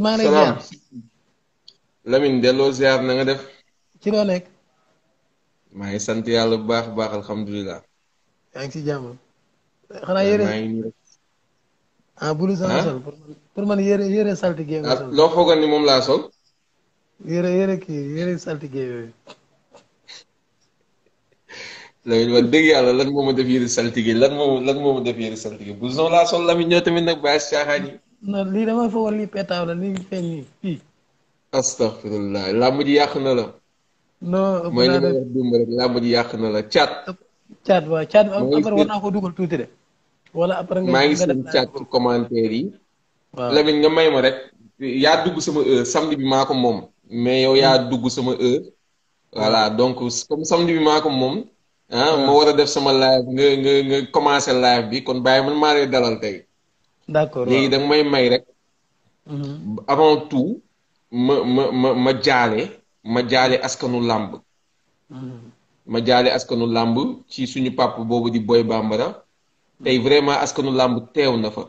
Brise maa ngi lay ziar Lamine delloo ziar na def. ci loo nekk. maa ngi sant yàlla bu baax baax alhamdulilah. yaa ngi ci jàmm. xanaa yére maa ngi ah, sol ah? pour man pour man yére yére saltige nga ah, sol. loo foogoon ni moom laa sol. yére yére kii yére saltige yooyu. Lamine wax dëgg yàlla lan moo ma def yére saltige lan moo lan moo ma def yére saltige laa sol Lamine ñoo tamit nag bàyyi si yi. non lii dama fa woon lii la lii feeñ nii fii. astaghfirullah làmb ji yàq na la. non mooy yàq na la caat. caat waaw caat après war ko dugal tuuti de. wala après maa ngi seen caat ci commentaire yi. waaw Lamine nga may ma rek. yaa dugg sama heure samedi bi maa ko moom. mais yow yaa hmm. dugg sama heure. voilà hmm. donc comme samedi bi maa ko moom. Ah, ma hmm. war a def sama live nga nga nga commencé live bi kon bàyyi man maa lay dalal tey. d'accord léegi da nga may may rek. Mm-hmm. avant tout ma ma ma ma jaale ma jaale askanu làmb mm-hmm. ma jaale askanu làmb ci suñu pàpp boobu di Boy Bambara tey vraiment askanu làmb teew na fa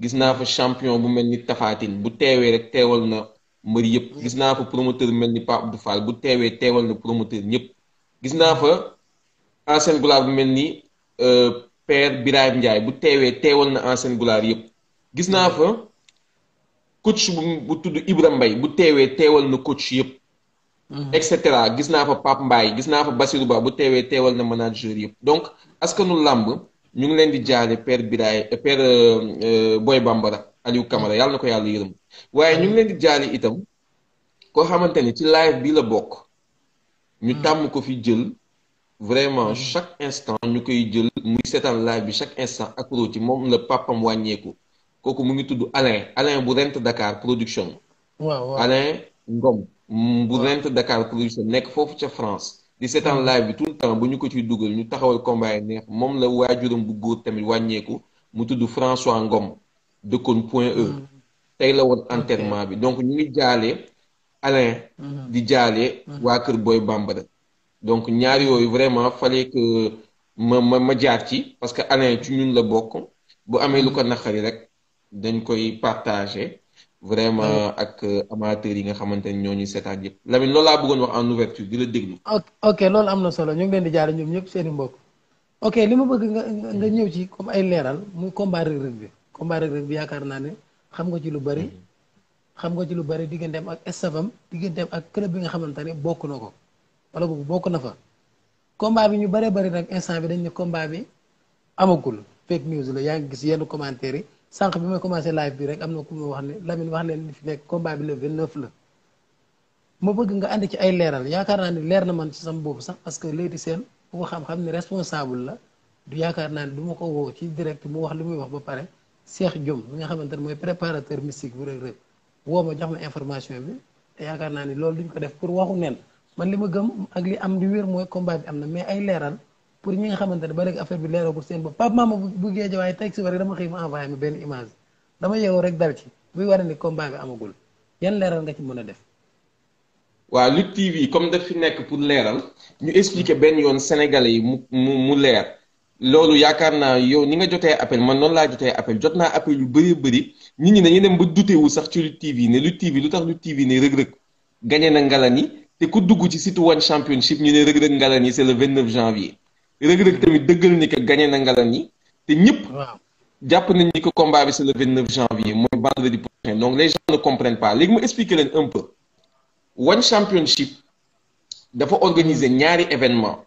gis naa fa champion bu mel ni Tafatine bu teewee rek teewal na mbër yëpp gis naa fa promoteur mel ni Pape Abdou Fall bu teewee teewal na promoteur ñëpp gis naa fa ancien gloire bu mel ni euh, père Birahim Ndiaye bu teewee teewal na ancien gulaar yëpp gis naa fa coach bu bu tudd Ibra mbay bu teewee teewal na coach yëpp. Mhm. et cetera gis naa fa Pape Mbaye gis naa fa Basirou Ba bu teewee teewal na manager yëpp donc askanu làmb ñu ngi leen di jaale père Birahim euh, père euh, booy Bambara Aliou Camara yàlla na ko yàlla yërëm waaye ñu ngi leen di jaale itam koo xamante ni ci live bi la bokk. ñu mhm. tàmm ko fi jël. vraiment mhm. chaque instant ñu koy jël muy seetaan live bi chaque instant accro ci moom la papam wàññeeku kooku mu ngi tudd Alain Alain bu rent dakaar production. waaw waaw Alain Ngom. bu rent Dakar production nekk foofu ca France. di seetaan mhm. live bi tout le temps bu ñu ko ciy dugal ñu taxawal combat yi neex moom la waajuram bu góor tamit wàññeeku mu tudd François Ngom dëkkoon Point E. Mhm. tey la woon enterrement bi donc ñu ngi jaale Alain. di jaale waa kër booy Bambara. donc ñaar yooyu vraiment fallait que ma ma ma jaar ci parce que Alain ci ñun la bokk bu amee lu ko naqari rek dañ koy partager vraiment mm. ak euh, amateurs yi nga xamante ne ñoo ñu seetaan yëpp Lamine loolu laa bëggoon wax en ouverture di la déglu. ok loolu am na solo ñu ngi leen di jaar ñoom ñëpp seeni mbokk. ok li ma bëgg nga nga mm. ñëw ci comme ay leeral muy combar Reug Reug bi combat Reug bi yaakaar naa ne xam nga ci lu bari. Mm. xam nga ci lu bari digganteem ak estafam digganteem ak club bi nga xamante ne bokk na ko. wala boobu bokk na fa combat bi ñu bëree bëri nag instant bi dañu ne combat bi amagul fake news la yaa ngi gis yenn commentaire yi sànq bi may commencé live bi rek am na ku ma wax ne Lamine wax leen li fi nekk combat bi le 29 la ma bëgg nga andi ci ay leeral yaakaar naa ni leer na man ci sam boobu sax parce que Leyti Sène bu ko xam-xam ne responsable la du yaakaar naa ne du ma ko woo ci direct mu wax li muy wax ba pare Cheikh Diom mi nga xamante ne mooy préparateur mystique bu Reug Reug woo ma jox ma information bi yaakaar naa ni loolu duñ ko def pour waxu nen man li ma gëm ak li am di wér mooy combat bi am na mais ay leeral pour ñi nga xamante ne ba léegi affaire bi leeralagul seen bopp ba Maama bu bu géej waaye teg si war dama xëy ma envoyé ma benn image dama yeewoo rek dal ci buy war ni bi amagul yan leeral nga ci mën a def. waaw Lutte TV comme daf fi nekk pour leeral ñu expliquer benn yoon Sénégalais yi mu mu mu leer loolu yaakaar naa yow ni nga jotee appel man noonu laa jotee appel jot naa appel yu bëri bëri nit ñi dañuy dem ba dutewu sax ci Lutte TV ne Lutte TV lu tax Lutte TV ne rëg-rëg gañe na Ngalani te ku dugg ci site One Championship ñu ne Reug Reug Ngalani yi c'est le 29 janvier Reug Reug tamit dëggal ni que gagné na Ngalani yi te ñëpp jàpp nañ ni ko combat bi c'est le 29 janvier mooy vendredi prochain donc les gens ne comprennent pas léegi ma expliquer leen un One Championship dafa organiser ñaari événement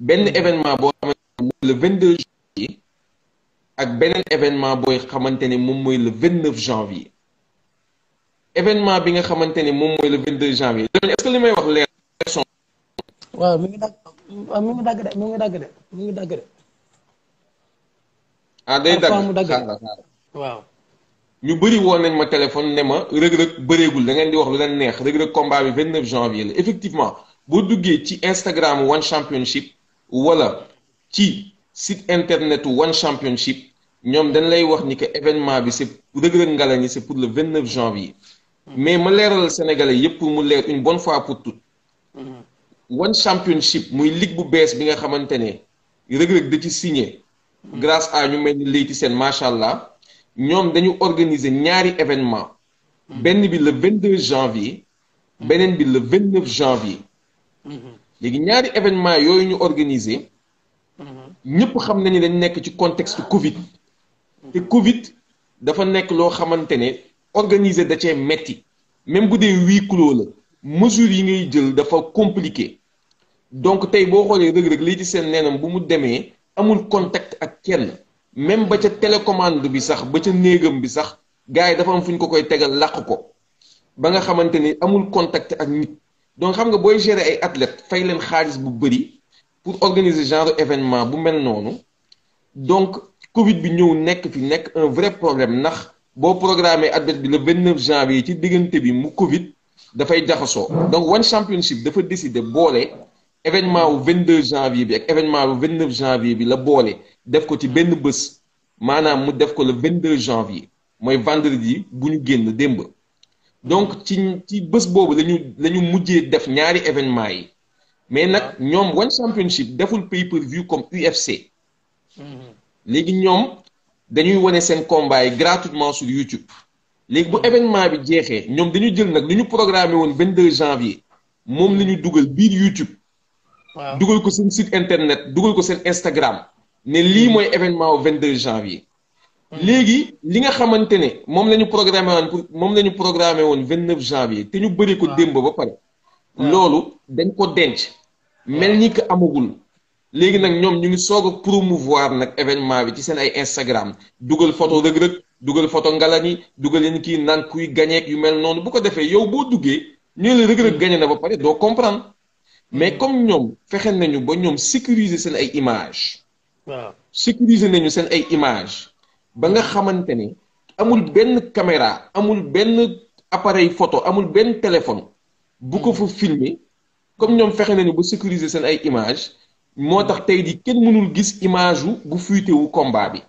benn mm-hmm. événement boo xamante ne mooy ak beneen événement booy xamante ne moom mooy le 29 janvier événement bi nga xamante ni moom mooy le 22 janvier est-ce que li may wax leer son. waaw mi ngi dagg mi ngi dagg de mi ngi dagg de mi ngi dagg de. ah day dagg waaw. ñu bëri woon nañ ma téléphone ne ma rëg-rëg bëreegul da ngeen di wax lu leen neex rëg-rëg combat bi 29 janvier la effectivement boo duggee ci Instagram One Championship wala ci site internet One Championship ñoom dañ lay wax ni que événement bi c'est rëg-rëg ngala ni c'est pour le 29 janvier. mais ma leeralal Sénégalais yëpp mu leer une bon fois pour toutes. Mm-hmm. one championship muy ligue bu bees bi nga xamante ne rëg-rëg da ci signé. Mm-hmm. grâce à ñu mel ni Leyti Sène macha allah ñoom dañu organiser ñaari événement mm-hmm. benn bi le 22 janvier. beneen bi le 29 léegi ñaari événement yooyu ñu organiser. ñëpp xam nañu dañ nekk ci contexte Covid. te Covid dafa nekk loo xamante ne. organiser da cee metti même bu dee huis clos la mesure yi ngay jël dafa compliqué donc tey boo xoolee rëg-rëg lii ci seen neenam bu mu demee amul contact ak kenn même ba ca télécommande bi sax ba ca néegam bi sax gars yi dafa am fu ñu ko koy tegal làq ko ba nga xamante ni amul contact ak nit donc xam nga booy gérer ay athlètes fay leen xaalis bu bëri pour organiser genre événement bu mel noonu donc Covid bi ñëw nekk fi nekk un vrai problème ndax boo programmé adverse bi le vingt neuf janvier ci diggante bi mu Covid dafay jaxasoo. donc one championship dafa décidé boole événement wu vingt deux janvier bi ak événement wu vingt neuf janvier bi la boole def ko ci benn bës maanaam mu def ko le vingt deux janvier mooy vendredi bu ñu génn démb. donc ci ci bës boobu la ñu la ñu mujjee def ñaari événement yi mais nag ñoom one championship deful pay per view comme UFC. Mm-hmm. léegi ñoom. dañuy wane seen combat yi gratuitement sur YouTube léegi bu événement bi jeexee ñoom dañu jël nag lu ñu programmé woon 22 janvier moom la ñu dugal biir YouTube. waaw dugal ko seen site internet dugal ko seen Instagram ne lii mooy événement au 22 janvier. léegi li nga xamante ne moom la ñu programmé woon moom la ñu programmé woon 29 janvier te ñu bëri ko démb ba pare. loolu dañ ko denc. mel ni que amagul. léegi nag ñoom ñu ngi soog a promouvoir nag événement bi ci seen ay Instagram dugal photo rëg-rëg dugal photo ngalani dugal leen kii naan kuy gañeek yu mel noonu bu ko defee yow boo duggee ñu la rëg-rëg gañe na ba pare doo comprendre mais hmm. comme ñoom fexe nañu ba ñoom sécuriser seen ay image waaw sécuriser nañu seen ay image ba nga xamante ne amul benn caméra amul benn appareil photo amul benn téléphone bu ko hmm. fa filmer comme ñoom fexe nañu ba sécuriser seen ay image moo tax tey ji kenn mënul gis image wu bu fuité wu combat bi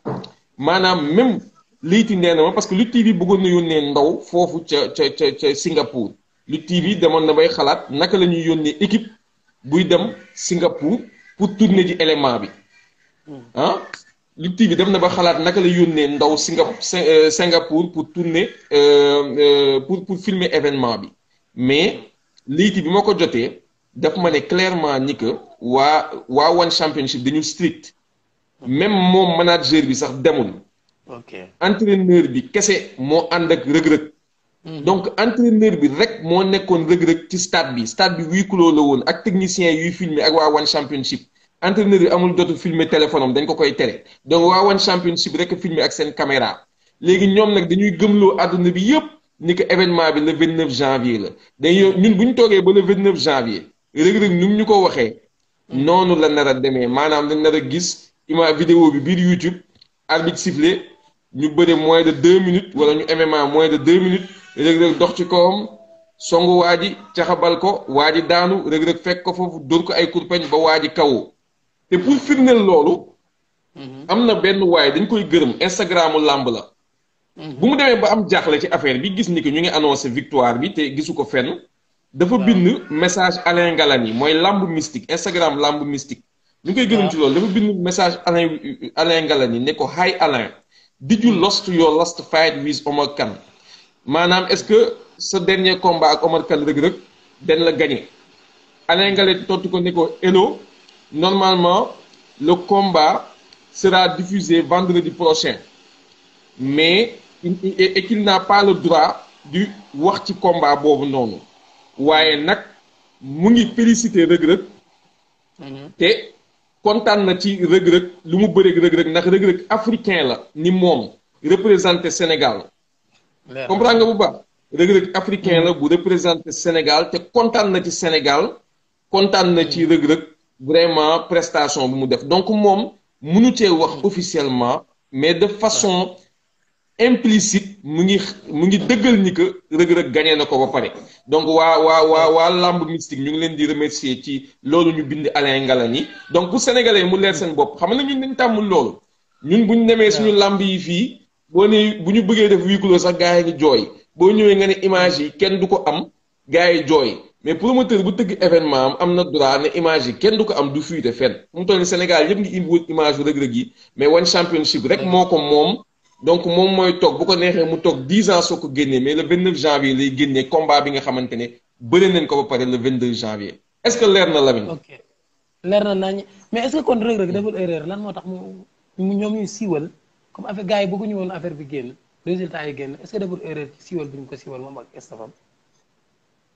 maanaam même Leyti nee na ma parce que Lutte TV bëggoon na yónnee ndaw foofu ca ca ca ca Singapour Lutte TV demoon na bay xalaat naka la ñuy yónnee équipe buy dem Singapour pour tourner ji élément bi ah Lutte TV na ba xalaat naka la yónnee ndaw Singa euh, Singapour pour tourner euh, euh, pour pour filmer événement bi mais Leyti bi moo ko jotee. daf ma ne clairement ni que waa waa One Championship dañu strict même moom manager bi sax demul. ok entraîneur bi kese moo ànd ak rëg-rëg. Hmm. donc entraîneur bi rek moo nekkoon rëg-rëg ci stade bi stade bi huis clos la woon ak technicien yuy filmer ak waa One Championship. entraîneur bi amul jotu filmer téléphone am dañ ko koy tere donc waa One Championship rek filmer ak seen caméra léegi ñoom nag dañuy gëmloo àdduna bi yëpp ni que événement bi le 29 janvier la dañuy ñun bu ñu toogee ba le 29 janvier. rëg-rëg ni ñu ko waxee noonu la nar a demee maanaam la nar gis ima vidéo bi biir YouTube arbitre sifflé ñu bëre moins de deux minutes wala ñu MMA moins de deux minutes rëg-rëg dox ci kawam songu waa ji caxabal ko waa ji daanu rëg-rëg fekk ko foofu dóor ko ay kurpeñ ba waa ji kawoo te pour firndeel loolu mhm. am na benn waaye dañ koy gërëm Instagramu làmb la mhm. bu mu demee ba am jaaxle ci affaire bi gis ni que ñu ngi annoncé victoire bi te gisu ko fenn dafa bind message Alain Ngalani mooy lamb mystique Instagram lamb mystique. ñu ngi koy gërëm ci loolu dafa bind message Alain Alain Ngalani ne ko hi Alain. did you lost your last fight with Omar Kane maanaam est-ce que sa dernier combat ak Omar Kane rëg-rëg den la gagné. Alain Ngalani tontu ko ne ko hello normalement le combat sera diffusé vendredi prochain mais et qu'il n'a pas le droit du wax ci combat boobu noonu. waaye nag mu ngi félicité rëg-rëg mhm. te kontaan na ci rëg-rëg lu mu bëreeg rëg-rëg ndax rëg-rëg africain la ni moom représenté Sénégal comprend nga bu baax rëg-rëg africain la bu représenté Sénégal te kontaan na ci Sénégal kontaan na ci rëg-rëg vraiment prestation bi mu def donc moom munu cee wax mhm. officiellement mais de façon implicite mu ngi mu ngi dëggal ni que rëg-rëg gagné na ko ba pare donc waa waa waa waa làmb mystique ñu ngi leen di remercier ci loolu ñu bind Alain Ngalani donc pour sénégalais mu leer seen bopp xam na ñun dañ tàmmul loolu ñun bu ñu demee suñu làmb yi fii boo ne bu ñu bëggee def huis clos sax gars yi ngi jooy boo ñëwee nga ne image yi kenn du ko am gars yi jooy mais promoteur bu tëgg événement am am na droit ne image yi kenn du ko am du fuite fenn mu toll Sénégal yëpp ngi indi image rëg-rëg yi mais one championship rek moo ko moom donc moom mooy toog bu ko neexee mu toog dix ans soo ko génnee mais le vingt neuf janvier lay génnee combat bi ne bëri nañ ko ba pare le vingt deux janvier est ce que leer na Lamine. ok leer na nañ mais moo tax mu ñoom ñu comme affaire gars yi bëgguñu affaire bi génn résultat yi génn est ce que deful erreur ko siiwal moom ak estafam.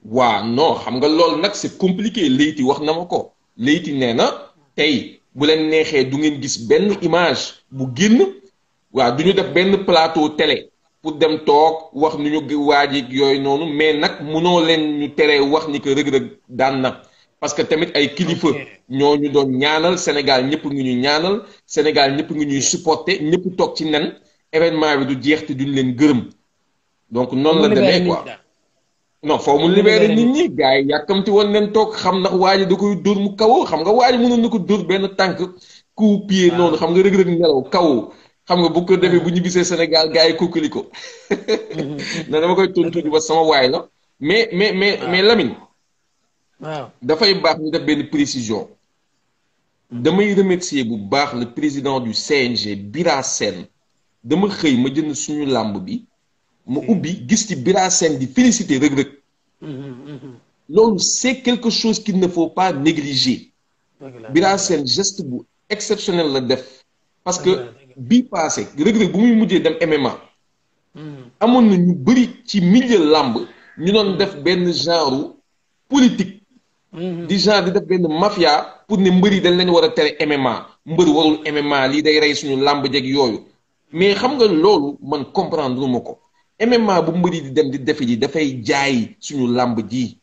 waa non xam nga loolu nag c'est compliqué Leyti wax na ma ko Leyti nee na tey bu leen neexee du ngeen gis benn image bu génn. waaw du ñu def benn plateau télé pour dem toog wax nu ñu waajig yooyu noonu mais nag munoo leen ñu teree wax ni que rëg-rëg daan na parce que tamit ay kilifa ñoo ñu doon ñaanal Sénégal ñëpp ngi ñu ñaanal Sénégal ñëpp ngi ñuy supporter ñëpp toog ci nen événement bi du jeex te duñ leen gërëm donc noonu la demee quoi non foo mu libéré nit ñi gars yi yàkkamti woon leen toog xam ndax waa ji da koy dóor mu kawoo xam nga waa ji ko dóor benn tànk ku pied ah. noonu xam nga rëg-rëg nelaw kawoo xam nga bu ko defee bu ñu bisee Sénégal gars yi kukkali ko ne dama koy tontu ba sama waay la mais mais mais mais lamin dafay baax ñu def benn précision. damay remercier bu baax la président du CNG Bira dama xëy ma jënd suñu làmb bi ma hmm. ubbi gis ci Bira Sène di féliciter Reug Reug hmm, hmm, loolu c'est quelque chose qu'il ne faut pas négliger Bira Sène geste bu exceptionnel la def parce que bi passé rëg-rëg bu muy mujjee dem MMA. amoon na ñu bëri ci milieu làmb ñu doon def benn genre politique. di genre di def benn mafia pour ne mbër yi dañ lañu war a tere MMA mbër warul MMA lii day rey suñu làmb jeg yooyu mais xam nga loolu man comprendre ma ko MMA bu mbër yi di dem di defe ji dafay jaay suñu làmb ji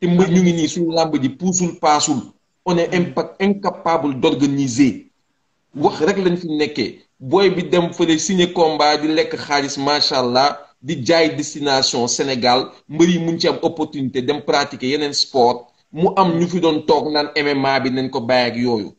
te mbër ñu ngi nii suñu làmb ji puusul paasul on est impact incapable d'organiser wax rek lañ fi nekkee booy bi dem fële signé combat di lekk xaalis macha allah di jaay destination Sénégal mbër yi mun ci am opportunité dem pratiquer yeneen sport mu am ñu fi doon toog naan MMA bi nañ ko bàyyi ak yooyu.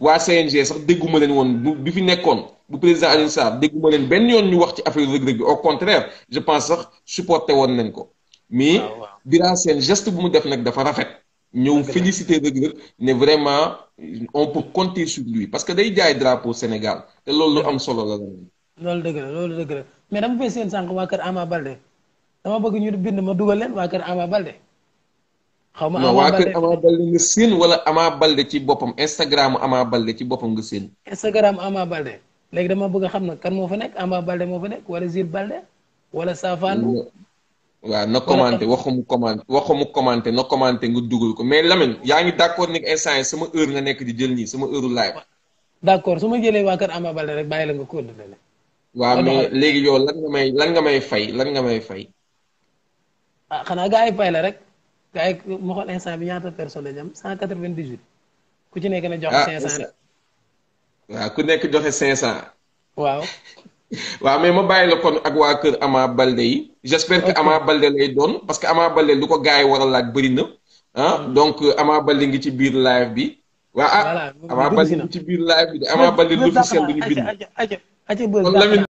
waa CNG sax dégguma leen woon bu bi fi nekkoon bu président Alioune Sarr dégguma leen benn yoon ñu wax ci affaire Reug Reug bi au contraire je pense sax supporté woon nañ ko. mais ah, Bira Sène geste bu mu def nag dafa rafet. ñëw félicité Reug Reug ne vraiment on peut compter sur lui parce que day jaay drapeau Sénégal te loolu lu am solo la. loolu dëgg la loolu dëgg la mais dama koy seen sànq waa kër Ama Balde dama bëgg ñu bind ma dugal leen waa kër Ama Balde. xaw ma Ama Balde non waa nga seen wala Ama Balde ci boppam Instagram Ama Balde ci boppam nga seen. Instagram Ama Balde léegi dama bëgg xam na kan moo fa nekk Ama Balde moo fa nekk wala Zil Balde wala Safaan. waaw na commenté waxumu commenté waxumu commenté na commenté nga dugal ko mais Lamine yaa ngi d' accord ni yi sama heure nga nekk di jël nii sama heure live. d' accord su ma jëlee waa kër Ama Baldé rek bàyyi la nga ko dundale. waaw mais léegi yow lan nga may lan nga may fay lan nga may fay. ah xanaa gars yi fay la rek gars yi ma xool instant bi ñaata personne la ñu am 198 ku ci nekk na joxe 500 ah, rek. waaw ku nekk joxe 500. waaw. waaw mais ma bàyyi la kon ak waa kër Ama Balde yi j'espère que Ama Balde lay doon parce que Ama Balde lu ko gars yi war a laaj bëri na ah donc Ama Balde ngi ci biir live bi waa ah Ama Balde ngi ci biir live bi de Ama Balde l'officiel dañu bind